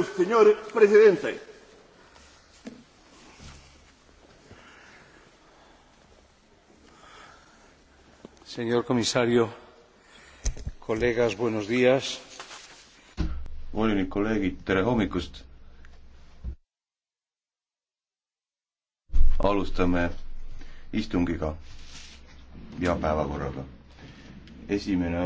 el señor presidente. Señor comisario, colegas, buenos días. Volinik kolleegid, tere hommikust. alustame istungiga ja päevakorraga. esimene